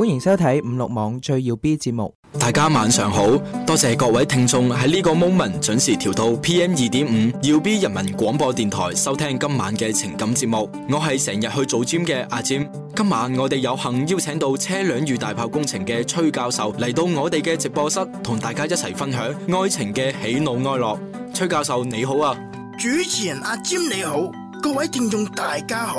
歡迎收睇五六網最耀 B 節目。大家晚上好，多謝各位聽眾喺呢個 moment 準時調到 PM 二點五耀 B 人民廣播電台收聽今晚嘅情感節目。我係成日去做 gym 嘅阿尖，今晚我哋有幸邀請到車輛與大炮工程嘅崔教授嚟到我哋嘅直播室，同大家一齊分享愛情嘅喜怒哀樂。崔教授你好啊。主持人阿尖你好，各位聽眾大家好。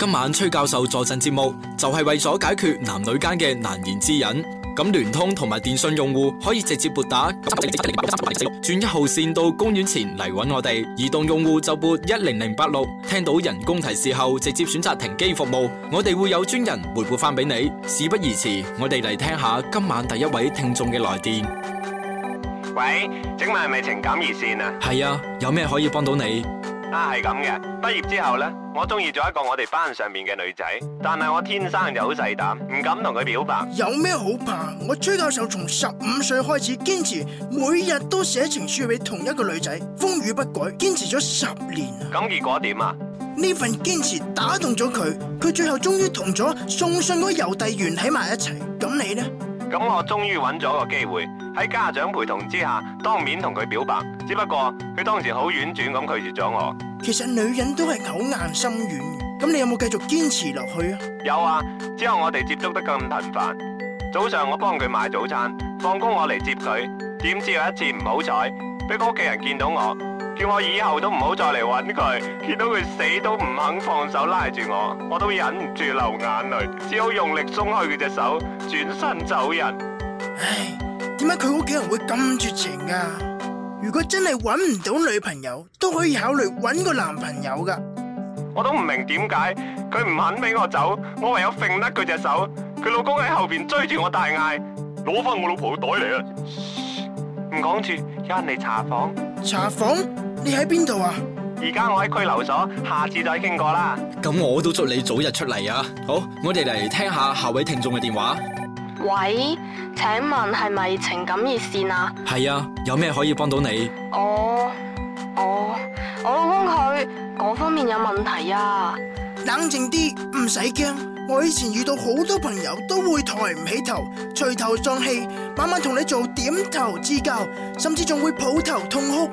今晚崔教授助陣節目，就係、是、為咗解決男女間嘅難言之隱。咁聯通同埋電信用戶可以直接撥打九九七轉一號線到公園前嚟揾我哋。移動用戶就撥一零零八六，聽到人工提示後直接選擇停機服務，我哋會有專人回覆翻俾你。事不宜遲，我哋嚟聽下今晚第一位聽眾嘅來電。喂，請問係咪情感熱線啊？係啊，有咩可以幫到你？啊，係咁嘅。畢業之後咧？我中意咗一個我哋班上面嘅女仔，但係我天生就好細膽，唔敢同佢表白。有咩好怕？我崔教授從十五歲開始堅持，每日都寫情書俾同一個女仔，風雨不改，堅持咗十年啊！咁結果點啊？呢份堅持打動咗佢，佢最後終於同咗送信嗰個郵遞員喺埋一齊。咁你呢？咁我終於揾咗個機會，喺家長陪同之下，當面同佢表白。只不過佢當時好婉轉咁拒絕咗我。其實女人都係口硬心軟，咁你有冇繼續堅持落去啊？有啊，之後我哋接觸得咁頻繁。早上我幫佢買早餐，放工我嚟接佢。點知有一次唔好彩，俾個屋企人見到我，叫我以後都唔好再嚟揾佢。見到佢死都唔肯放手拉住我，我都忍唔住流眼淚，只好用力鬆開佢隻手，轉身走人。唉，點解佢屋企人會咁絕情啊？如果真係揾唔到女朋友，都可以考慮揾個男朋友噶。我都唔明點解佢唔肯俾我走，我唯有揈甩佢隻手。佢老公喺後邊追住我大嗌，攞翻我老婆嘅袋嚟啦。唔講住，有人嚟查房。查房？你喺邊度啊？而家我喺拘留所，下次再傾過啦。咁我都祝你早日出嚟啊！好，我哋嚟聽，聽下下位聽眾嘅電話。喂，請問係咪情感熱線啊？係啊，有咩可以幫到你？我我我老公佢嗰方面有問題啊！冷靜啲，唔使驚。我以前遇到好多朋友都會抬唔起頭，垂頭喪氣，晚晚同你做點頭之交，甚至仲會抱頭痛哭。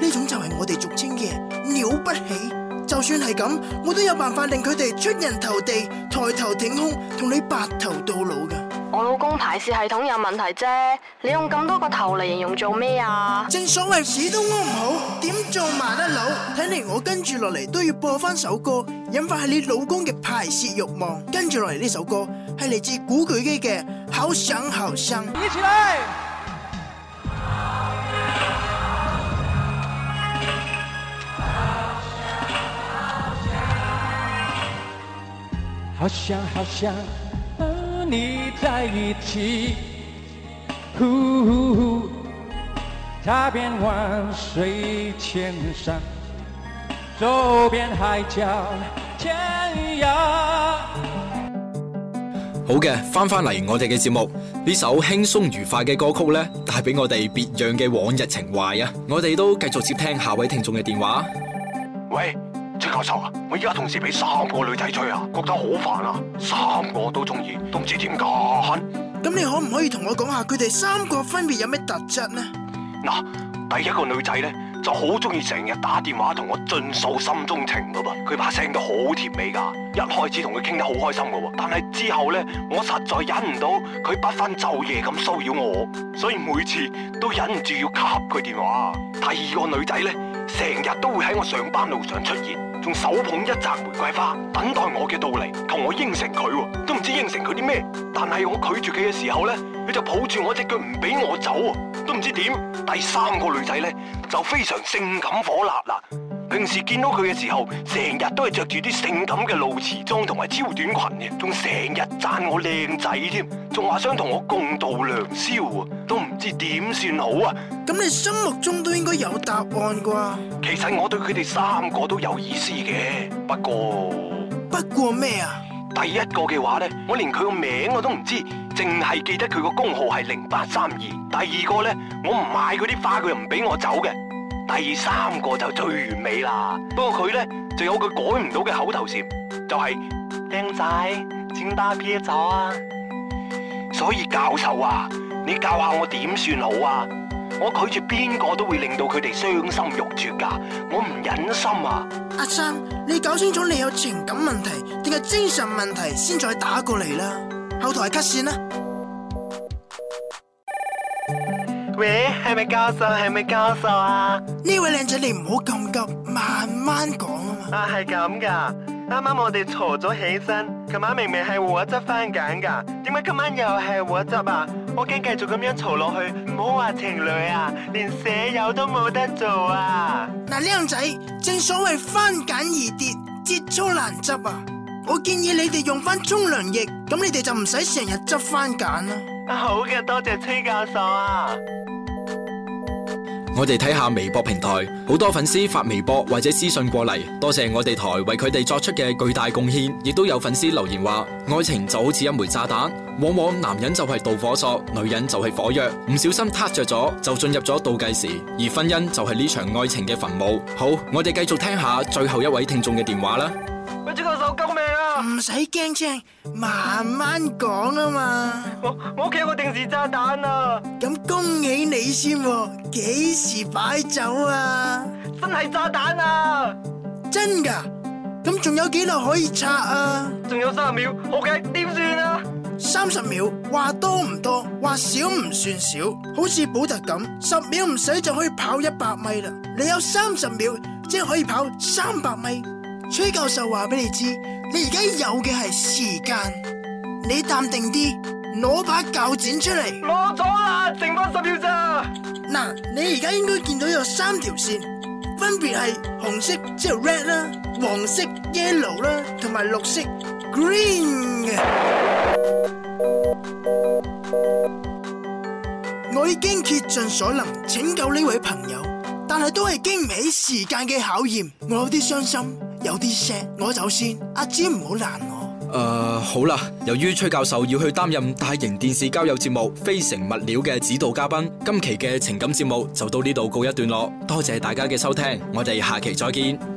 呢種就係我哋俗稱嘅「了不起」。就算係咁，我都有辦法令佢哋出人頭地，抬頭挺胸，同你白頭到老㗎。我老公排泄系統有問題啫，你用咁多個頭嚟形容做咩啊？正所謂屎都屙唔好，點做萬得佬？睇嚟我跟住落嚟都要播翻首歌，引發係你老公嘅排泄欲望。跟住落嚟呢首歌係嚟自古巨基嘅《好想好生」。一起嚟！好想好想。水山海角好嘅，返返嚟我哋嘅節目。呢首輕鬆愉快嘅歌曲呢，帶俾我哋別樣嘅往日情懷啊！我哋都繼續接聽下位聽眾嘅電話，喂。崔教授啊，我依家同時俾三個女仔追啊，覺得好煩啊，三個都中意，都唔知點解。咁你可唔可以同我講下佢哋三個分別有咩特質呢？嗱，第一個女仔呢，就好中意成日打電話同我盡訴心中情噶噃，佢把聲都好甜美噶，一開始同佢傾得好開心噶，但係之後呢，我實在忍唔到佢不分晝夜咁騷擾我，所以每次都忍唔住要扱佢電話。第二個女仔呢。成日都會喺我上班路上出現，仲手捧一扎玫瑰花等待我嘅到嚟，求我應承佢，都唔知應承佢啲咩。但係我拒絕佢嘅時候呢，佢就抱住我隻腳唔俾我走，都唔知點。第三個女仔呢，就非常性感火辣喇。平時見到佢嘅時候，成日都係着住啲性感嘅露臍裝同埋超短裙嘅，仲成日讚我靚仔添，仲話想同我共度良宵啊！都唔知點算好啊！咁你心目中都應該有答案啩？其實我對佢哋三個都有意思嘅，不過不過咩啊？第一個嘅話咧，我連佢個名我都唔知，淨係記得佢個工號係零八三二。第二個咧，我唔買佢啲花，佢又唔俾我走嘅。第三個就最完美啦，不過佢咧就有個改唔到嘅口頭禪，就係靚仔，請打啤酒啊！所以教授啊，你教下我點算好啊？我拒絕邊個都會令到佢哋傷心欲絕噶，我唔忍心啊！阿生，你搞清楚你有情感問題定係精神問題先再打過嚟啦，後台係 cut 線啦、啊。喂，係咪教授？係咪教授啊？呢位靚仔，你唔好咁急，慢慢講啊嘛。啊，係咁噶。啱啱我哋嘈咗起身，琴晚明明係我執番梘噶，點解今晚又係我執啊？我驚繼續咁樣嘈落去，唔好話情侶啊，連舍友都冇得做啊！嗱、啊，靚仔，正所謂番梘易跌，節操難執啊！我建議你哋用翻沖涼液，咁你哋就唔使成日執番梘啦、啊啊。好嘅，多謝崔教授啊！我哋睇下微博平台，好多粉絲發微博或者私信過嚟，多謝我哋台為佢哋作出嘅巨大貢獻。亦都有粉絲留言話：愛情就好似一枚炸彈，往往男人就係導火索，女人就係火藥，唔小心撻着咗就進入咗倒計時，而婚姻就係呢場愛情嘅墳墓。好，我哋繼續聽下最後一位聽眾嘅電話啦。手救命啊！唔使驚青，慢慢講啊嘛！我我屋企有個定時炸彈啊！咁恭喜你先，幾時擺酒啊？真係炸彈啊！真噶、啊！咁仲有幾耐可以拆啊？仲有三十秒，好驚㗎，點算啊？三十秒，話多唔多，話少唔算少，好似保特咁，十秒唔使就可以跑一百米啦！你有三十秒，即係可以跑三百米。崔教授話俾你知，你而家有嘅係時間，你淡定啲，攞把鉸剪出嚟。攞咗啦，剩翻十秒咋？嗱，你而家應該見到有三條線，分別係紅色，即係 red 啦，黃色 yellow 啦，同埋綠色 green 嘅。 我已經竭盡所能拯救呢位朋友，但係都係經唔起時間嘅考驗，我有啲傷心。有啲事，我走先。阿芝唔好攔我。誒，uh, 好啦，由於崔教授要去擔任大型電視交友節目《非誠勿擾》嘅指導嘉賓，今期嘅情感節目就到呢度告一段落。多謝大家嘅收聽，我哋下期再見。